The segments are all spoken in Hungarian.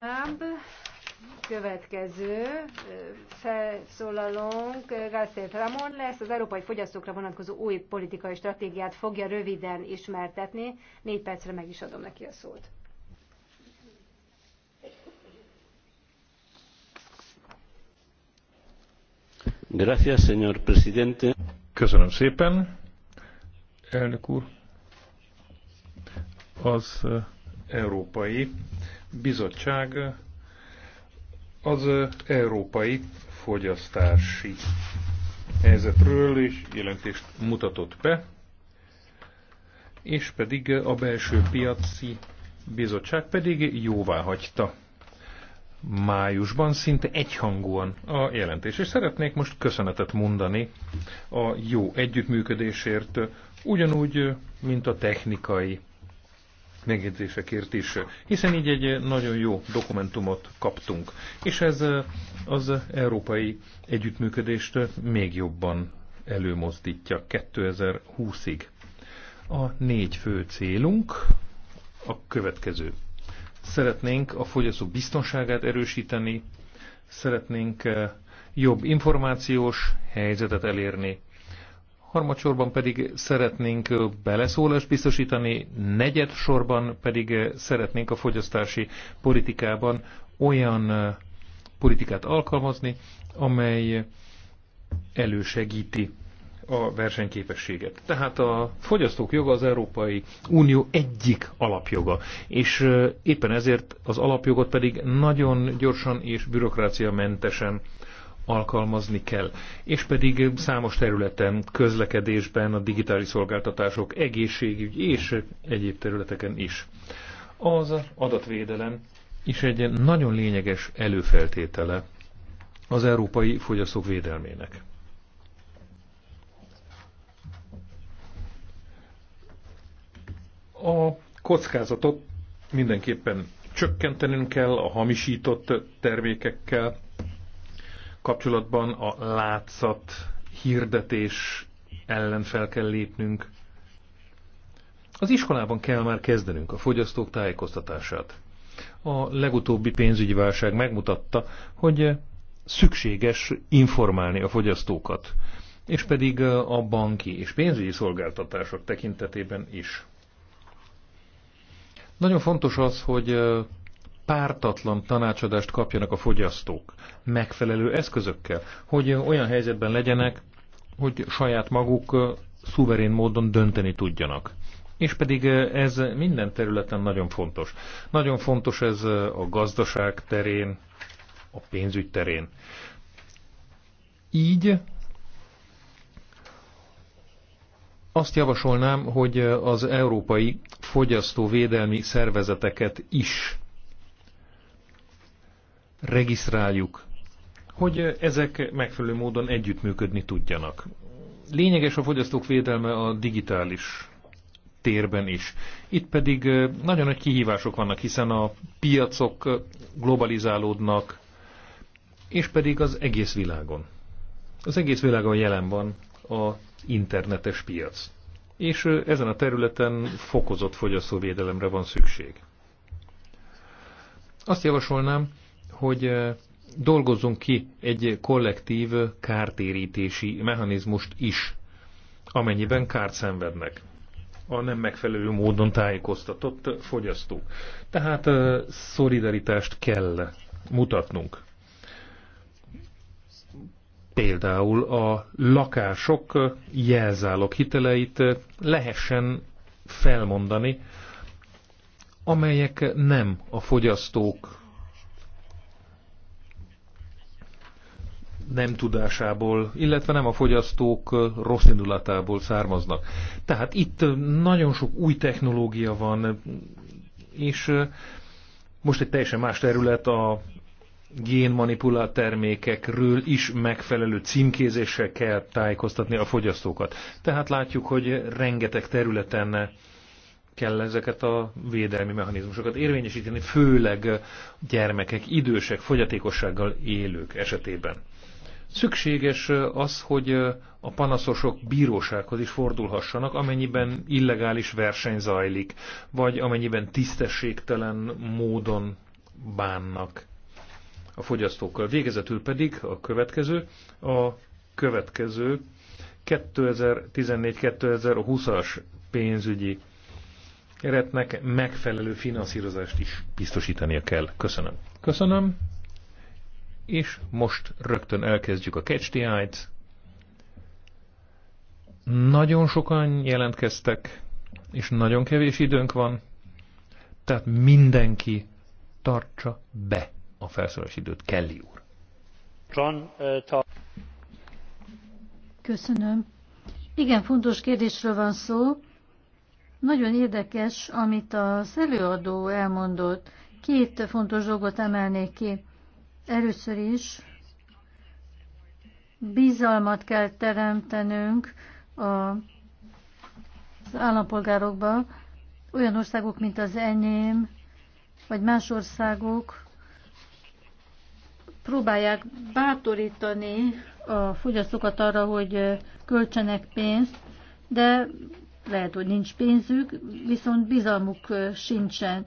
Tovább következő felszólalónk Garcés Ramon lesz, az európai fogyasztókra vonatkozó új politikai stratégiát fogja röviden ismertetni. Négy percre meg is adom neki a szót. Gracias, señor presidente. Köszönöm szépen, elnök úr. Az európai bizottság az európai fogyasztási helyzetről is jelentést mutatott be, és pedig a belső piaci bizottság pedig jóvá hagyta májusban szinte egyhangúan a jelentés. És szeretnék most köszönetet mondani a jó együttműködésért, ugyanúgy, mint a technikai megjegyzésekért is, hiszen így egy nagyon jó dokumentumot kaptunk, és ez az európai együttműködést még jobban előmozdítja 2020-ig. A négy fő célunk a következő. Szeretnénk a fogyasztó biztonságát erősíteni, szeretnénk eh, jobb információs helyzetet elérni, harmadsorban pedig szeretnénk beleszólást biztosítani, negyed sorban pedig szeretnénk a fogyasztási politikában olyan politikát alkalmazni, amely elősegíti a versenyképességet. Tehát a fogyasztók joga az Európai Unió egyik alapjoga, és éppen ezért az alapjogot pedig nagyon gyorsan és bürokráciamentesen alkalmazni kell. És pedig számos területen, közlekedésben, a digitális szolgáltatások, egészségügy és egyéb területeken is. Az adatvédelem is egy nagyon lényeges előfeltétele az európai fogyasztók védelmének. A kockázatot mindenképpen csökkentenünk kell a hamisított termékekkel, kapcsolatban a látszat hirdetés ellen fel kell lépnünk. Az iskolában kell már kezdenünk a fogyasztók tájékoztatását. A legutóbbi pénzügyi válság megmutatta, hogy szükséges informálni a fogyasztókat, és pedig a banki és pénzügyi szolgáltatások tekintetében is. Nagyon fontos az, hogy pártatlan tanácsadást kapjanak a fogyasztók megfelelő eszközökkel, hogy olyan helyzetben legyenek, hogy saját maguk szuverén módon dönteni tudjanak. És pedig ez minden területen nagyon fontos. Nagyon fontos ez a gazdaság terén, a pénzügy terén. Így azt javasolnám, hogy az európai fogyasztóvédelmi szervezeteket is regisztráljuk, hogy ezek megfelelő módon együttműködni tudjanak. Lényeges a fogyasztók védelme a digitális térben is. Itt pedig nagyon nagy kihívások vannak, hiszen a piacok globalizálódnak, és pedig az egész világon. Az egész világon jelen van a internetes piac. És ezen a területen fokozott fogyasztóvédelemre van szükség. Azt javasolnám, hogy dolgozzunk ki egy kollektív kártérítési mechanizmust is, amennyiben kárt szenvednek a nem megfelelő módon tájékoztatott fogyasztók. Tehát szolidaritást kell mutatnunk. Például a lakások jelzálok hiteleit lehessen felmondani, amelyek nem a fogyasztók nem tudásából, illetve nem a fogyasztók rossz indulatából származnak. Tehát itt nagyon sok új technológia van, és most egy teljesen más terület a génmanipulált termékekről is megfelelő címkézéssel kell tájékoztatni a fogyasztókat. Tehát látjuk, hogy rengeteg területen kell ezeket a védelmi mechanizmusokat érvényesíteni, főleg gyermekek, idősek, fogyatékossággal élők esetében. Szükséges az, hogy a panaszosok bírósághoz is fordulhassanak, amennyiben illegális verseny zajlik, vagy amennyiben tisztességtelen módon bánnak a fogyasztókkal. Végezetül pedig a következő, a következő 2014-2020-as pénzügyi keretnek megfelelő finanszírozást is biztosítania kell. Köszönöm. Köszönöm és most rögtön elkezdjük a catch Nagyon sokan jelentkeztek, és nagyon kevés időnk van, tehát mindenki tartsa be a felszólás időt, Kelly úr. John uh, Köszönöm. Igen, fontos kérdésről van szó. Nagyon érdekes, amit az előadó elmondott. Két fontos dolgot emelnék ki. Először is bizalmat kell teremtenünk az állampolgárokba, olyan országok, mint az enyém, vagy más országok próbálják bátorítani a fogyasztókat arra, hogy költsenek pénzt, de lehet, hogy nincs pénzük, viszont bizalmuk sincsen.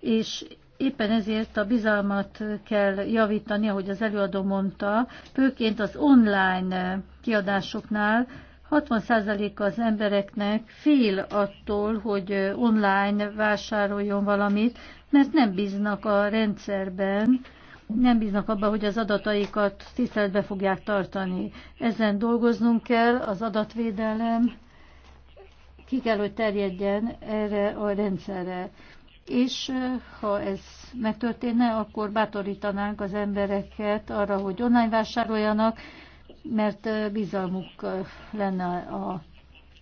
És Éppen ezért a bizalmat kell javítani, ahogy az előadó mondta, főként az online kiadásoknál 60%-a az embereknek fél attól, hogy online vásároljon valamit, mert nem bíznak a rendszerben, nem bíznak abban, hogy az adataikat tiszteletbe fogják tartani. Ezen dolgoznunk kell, az adatvédelem ki kell, hogy terjedjen erre a rendszerre és ha ez megtörténne, akkor bátorítanánk az embereket arra, hogy online vásároljanak, mert bizalmuk lenne a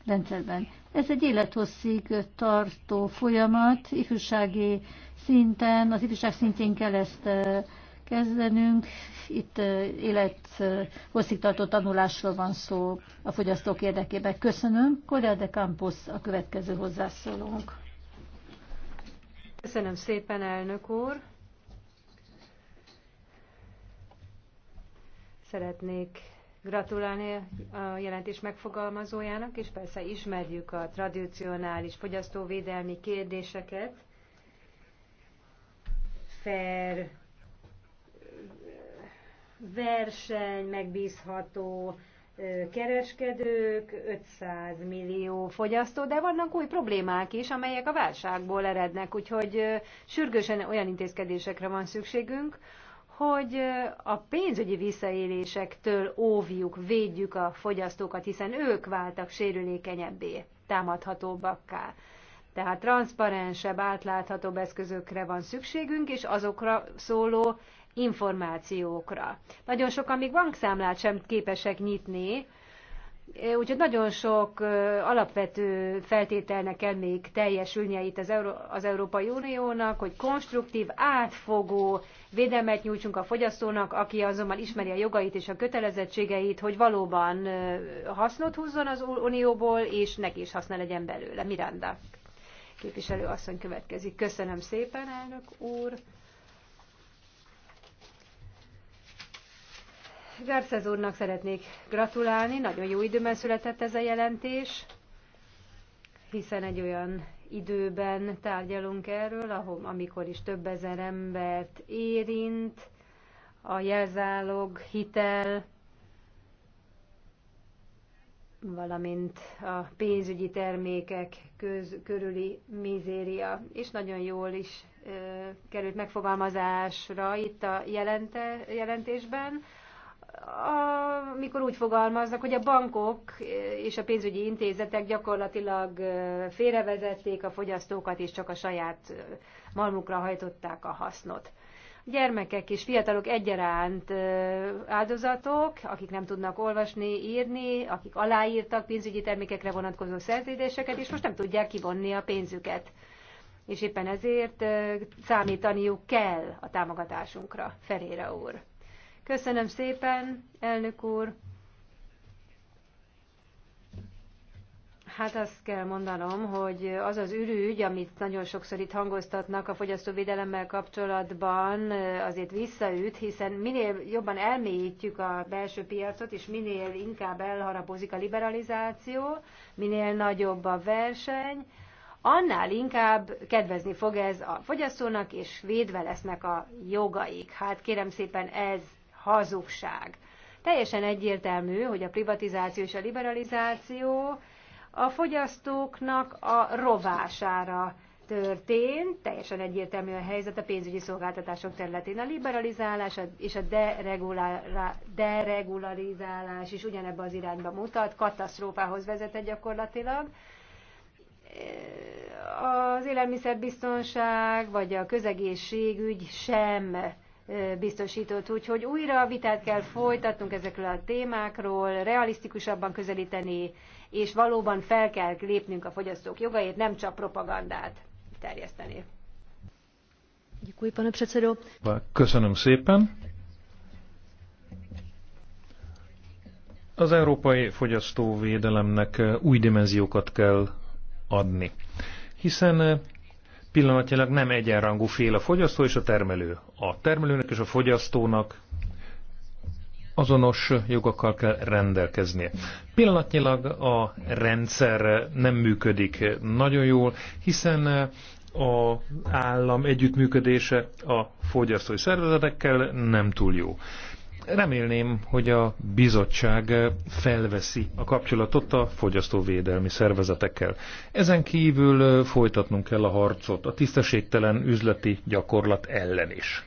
rendszerben. Ez egy élethosszig tartó folyamat, ifjúsági szinten, az ifjúság szintjén kell ezt kezdenünk. Itt élethosszig tartó tanulásról van szó a fogyasztók érdekében. Köszönöm. Korea de Campos a következő hozzászólónk. Köszönöm szépen, elnök úr. Szeretnék gratulálni a jelentés megfogalmazójának, és persze ismerjük a tradicionális fogyasztóvédelmi kérdéseket. Fair verseny, megbízható kereskedők, 500 millió fogyasztó, de vannak új problémák is, amelyek a válságból erednek, úgyhogy sürgősen olyan intézkedésekre van szükségünk, hogy a pénzügyi visszaélésektől óvjuk, védjük a fogyasztókat, hiszen ők váltak sérülékenyebbé, támadhatóbbakká. Tehát transzparensebb, átláthatóbb eszközökre van szükségünk, és azokra szóló információkra. Nagyon sokan még bankszámlát sem képesek nyitni, Úgyhogy nagyon sok alapvető feltételnek kell még teljesülnie itt az, Euró- az Európai Uniónak, hogy konstruktív, átfogó védelmet nyújtsunk a fogyasztónak, aki azonban ismeri a jogait és a kötelezettségeit, hogy valóban hasznot húzzon az Unióból, és neki is haszna legyen belőle. Miranda képviselő asszony következik. Köszönöm szépen, elnök úr. Garcez úrnak szeretnék gratulálni, nagyon jó időben született ez a jelentés, hiszen egy olyan időben tárgyalunk erről, ahol, amikor is több ezer embert érint, a jelzálog, hitel, valamint a pénzügyi termékek köz, körüli mizéria, és nagyon jól is ö, került megfogalmazásra itt a jelente, jelentésben amikor úgy fogalmaznak, hogy a bankok és a pénzügyi intézetek gyakorlatilag félrevezették a fogyasztókat, és csak a saját malmukra hajtották a hasznot. A gyermekek és fiatalok egyaránt áldozatok, akik nem tudnak olvasni, írni, akik aláírtak pénzügyi termékekre vonatkozó szerződéseket, és most nem tudják kivonni a pénzüket. És éppen ezért számítaniuk kell a támogatásunkra, Ferére úr. Köszönöm szépen, elnök úr. Hát azt kell mondanom, hogy az az ürügy, amit nagyon sokszor itt hangoztatnak a fogyasztóvédelemmel kapcsolatban, azért visszaüt, hiszen minél jobban elmélyítjük a belső piacot, és minél inkább elharapozik a liberalizáció, minél nagyobb a verseny, annál inkább kedvezni fog ez a fogyasztónak, és védve lesznek a jogaik. Hát kérem szépen ez hazugság. Teljesen egyértelmű, hogy a privatizáció és a liberalizáció a fogyasztóknak a rovására történt, teljesen egyértelmű a helyzet a pénzügyi szolgáltatások területén. A liberalizálás és a deregularizálás is ugyanebbe az irányba mutat, katasztrófához vezet gyakorlatilag. Az élelmiszerbiztonság vagy a közegészségügy sem biztosított. Úgyhogy újra vitát kell folytatnunk ezekről a témákról, realisztikusabban közelíteni, és valóban fel kell lépnünk a fogyasztók jogait, nem csak propagandát terjeszteni. Köszönöm szépen. Az európai fogyasztóvédelemnek új dimenziókat kell adni, hiszen pillanatnyilag nem egyenrangú fél a fogyasztó és a termelő. A termelőnek és a fogyasztónak azonos jogokkal kell rendelkeznie. Pillanatnyilag a rendszer nem működik nagyon jól, hiszen a állam együttműködése a fogyasztói szervezetekkel nem túl jó. Remélném, hogy a bizottság felveszi a kapcsolatot a fogyasztóvédelmi szervezetekkel. Ezen kívül folytatnunk kell a harcot a tisztességtelen üzleti gyakorlat ellen is.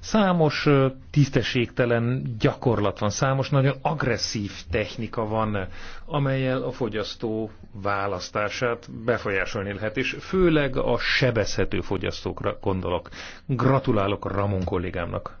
Számos tisztességtelen gyakorlat van, számos nagyon agresszív technika van, amelyel a fogyasztó választását befolyásolni lehet, és főleg a sebezhető fogyasztókra gondolok. Gratulálok Ramon kollégámnak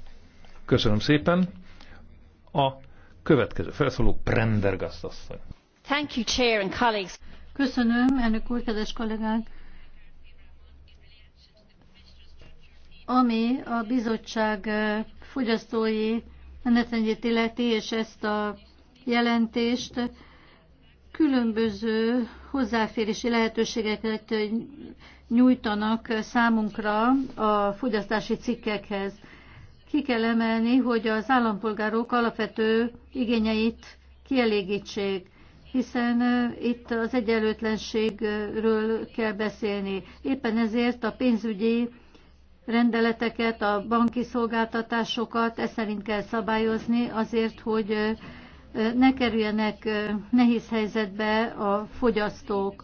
Köszönöm szépen. A következő felszóló Prendergast asszony. Thank you, Chair and colleagues. Köszönöm, elnök úr, kedves kollégák. Ami a bizottság eh, fogyasztói menetrendjét illeti, és ezt a jelentést, különböző hozzáférési lehetőségeket nyújtanak számunkra a fogyasztási cikkekhez. Ki kell emelni, hogy az állampolgárok alapvető igényeit kielégítsék, hiszen itt az egyenlőtlenségről kell beszélni. Éppen ezért a pénzügyi rendeleteket, a banki szolgáltatásokat, ezt szerint kell szabályozni azért, hogy ne kerüljenek nehéz helyzetbe a fogyasztók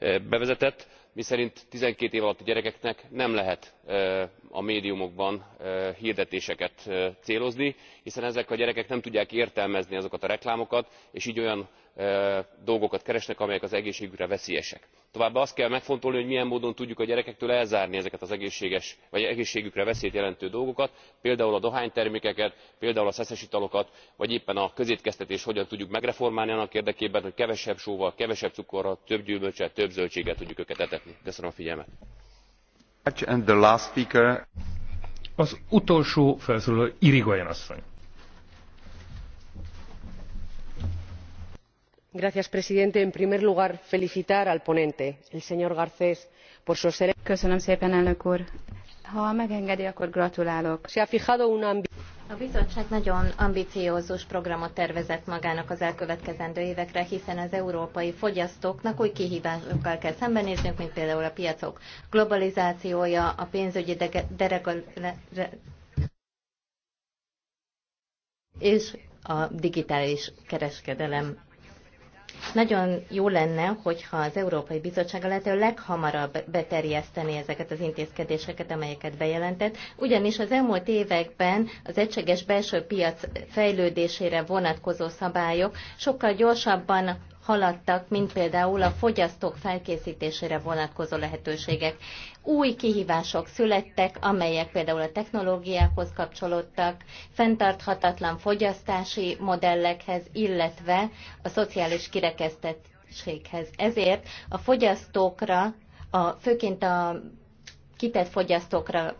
bevezetett miszerint twelve év alatti gyerekeknek nem lehet a médiumokban hirdetéseket célozni hiszen ezek a gyerekek nem tudják értelmezni azokat a reklámokat és gy olyan dolgokat keresnek amelyek az egészségükre veszélyesek. továbbá azt kell megfontolni hogy milyen módon tudjuk a gyerekektől elzárni ezeket az egészségükre veszélyt jelentő dolgokat például a dohánytermékeket például a szeszes italokat vagy éppen a közétkeztetést hogyan tudjuk megreformálni annak érdekében hogy kevesebb sóval kevesebb cukorral több gyümölccsel több zöldséggel tudjuk őket etetni. Köszönöm a figyelmet. Az utolsó felszóló Irigoyen asszony. Gracias, presidente en primer lugar felicitar al ponente el señor garcés por su excelente trabajo. se ha fijado un ambiente. A bizottság nagyon ambiciózus programot tervezett magának az elkövetkezendő évekre, hiszen az európai fogyasztóknak új kihívásokkal kell szembenéznünk, mint például a piacok globalizációja, a pénzügyi deregolás és a digitális kereskedelem nagyon jó lenne, hogyha az Európai Bizottság a lehető leghamarabb beterjeszteni ezeket az intézkedéseket, amelyeket bejelentett, ugyanis az elmúlt években az egységes belső piac fejlődésére vonatkozó szabályok sokkal gyorsabban haladtak, mint például a fogyasztók felkészítésére vonatkozó lehetőségek. Új kihívások születtek, amelyek például a technológiához kapcsolódtak, fenntarthatatlan fogyasztási modellekhez, illetve a szociális kirekesztettséghez. Ezért a fogyasztókra, a, főként a kitett fogyasztókra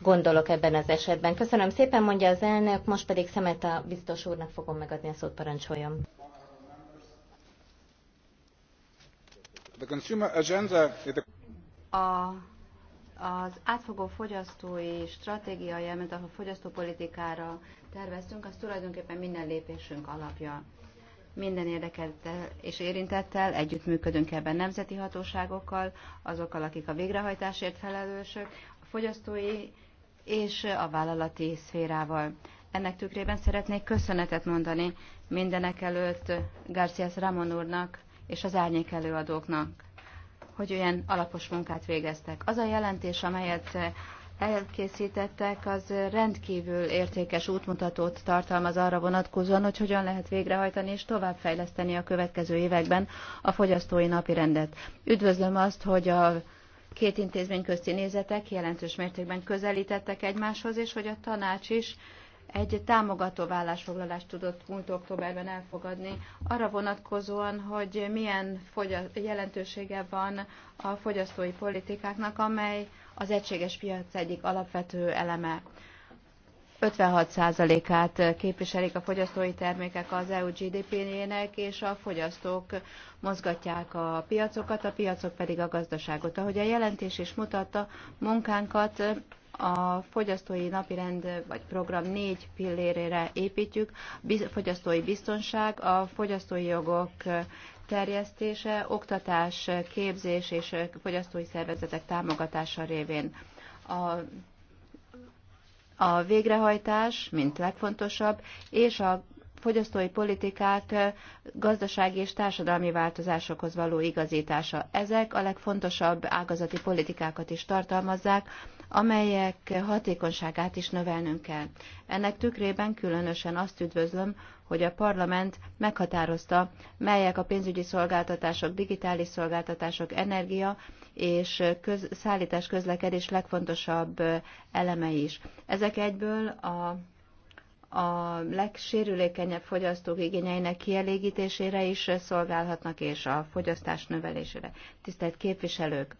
gondolok ebben az esetben. Köszönöm szépen, mondja az elnök, most pedig Szemet a biztos úrnak fogom megadni a szót, parancsoljon. az átfogó fogyasztói stratégiai, amit a fogyasztópolitikára terveztünk, az tulajdonképpen minden lépésünk alapja. Minden érdekeltel és érintettel együttműködünk ebben nemzeti hatóságokkal, azokkal, akik a végrehajtásért felelősök, a fogyasztói és a vállalati szférával. Ennek tükrében szeretnék köszönetet mondani mindenek előtt Garcias Ramon úrnak, és az árnyék előadóknak, hogy olyan alapos munkát végeztek. Az a jelentés, amelyet elkészítettek, az rendkívül értékes útmutatót tartalmaz arra vonatkozóan, hogy hogyan lehet végrehajtani és továbbfejleszteni a következő években a fogyasztói napirendet. Üdvözlöm azt, hogy a két intézmény közti nézetek jelentős mértékben közelítettek egymáshoz, és hogy a tanács is egy támogató vállásfoglalást tudott múlt októberben elfogadni, arra vonatkozóan, hogy milyen jelentősége van a fogyasztói politikáknak, amely az egységes piac egyik alapvető eleme. 56%-át képviselik a fogyasztói termékek az EU GDP-jének, és a fogyasztók mozgatják a piacokat, a piacok pedig a gazdaságot. Ahogy a jelentés is mutatta, munkánkat a fogyasztói napirend vagy program négy pillérére építjük, fogyasztói biztonság, a fogyasztói jogok terjesztése, oktatás, képzés és fogyasztói szervezetek támogatása révén. A a végrehajtás, mint legfontosabb, és a fogyasztói politikák gazdasági és társadalmi változásokhoz való igazítása. Ezek a legfontosabb ágazati politikákat is tartalmazzák, amelyek hatékonyságát is növelnünk kell. Ennek tükrében különösen azt üdvözlöm, hogy a parlament meghatározta, melyek a pénzügyi szolgáltatások, digitális szolgáltatások, energia és köz, szállítás közlekedés legfontosabb eleme is. Ezek egyből a a legsérülékenyebb fogyasztók igényeinek kielégítésére is szolgálhatnak, és a fogyasztás növelésére. Tisztelt képviselők!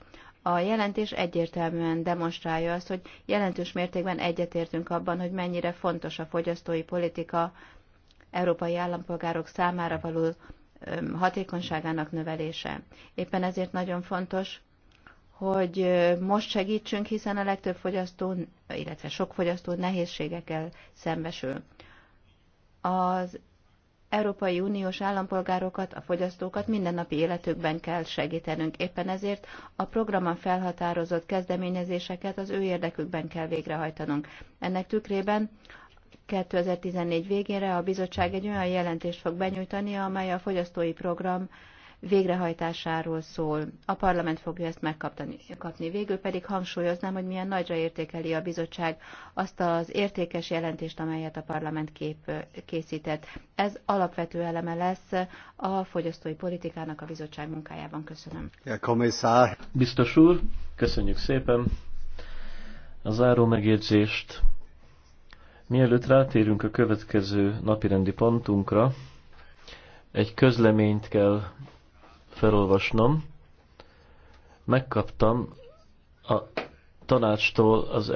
A jelentés egyértelműen demonstrálja azt, hogy jelentős mértékben egyetértünk abban, hogy mennyire fontos a fogyasztói politika európai állampolgárok számára való hatékonyságának növelése. Éppen ezért nagyon fontos, hogy most segítsünk, hiszen a legtöbb fogyasztó, illetve sok fogyasztó nehézségekkel szembesül. Az Európai Uniós állampolgárokat, a fogyasztókat mindennapi életükben kell segítenünk. Éppen ezért a programon felhatározott kezdeményezéseket az ő érdekükben kell végrehajtanunk. Ennek tükrében 2014 végére a bizottság egy olyan jelentést fog benyújtani, amely a fogyasztói program végrehajtásáról szól. A parlament fogja ezt megkapni. Végül pedig hangsúlyoznám, hogy milyen nagyra értékeli a bizottság azt az értékes jelentést, amelyet a parlament kép készített. Ez alapvető eleme lesz a fogyasztói politikának a bizottság munkájában. Köszönöm. Ja, komisár Biztos úr, köszönjük szépen. A záró megjegyzést. Mielőtt rátérünk a következő napirendi pontunkra, egy közleményt kell felolvasnom. Megkaptam a tanácstól az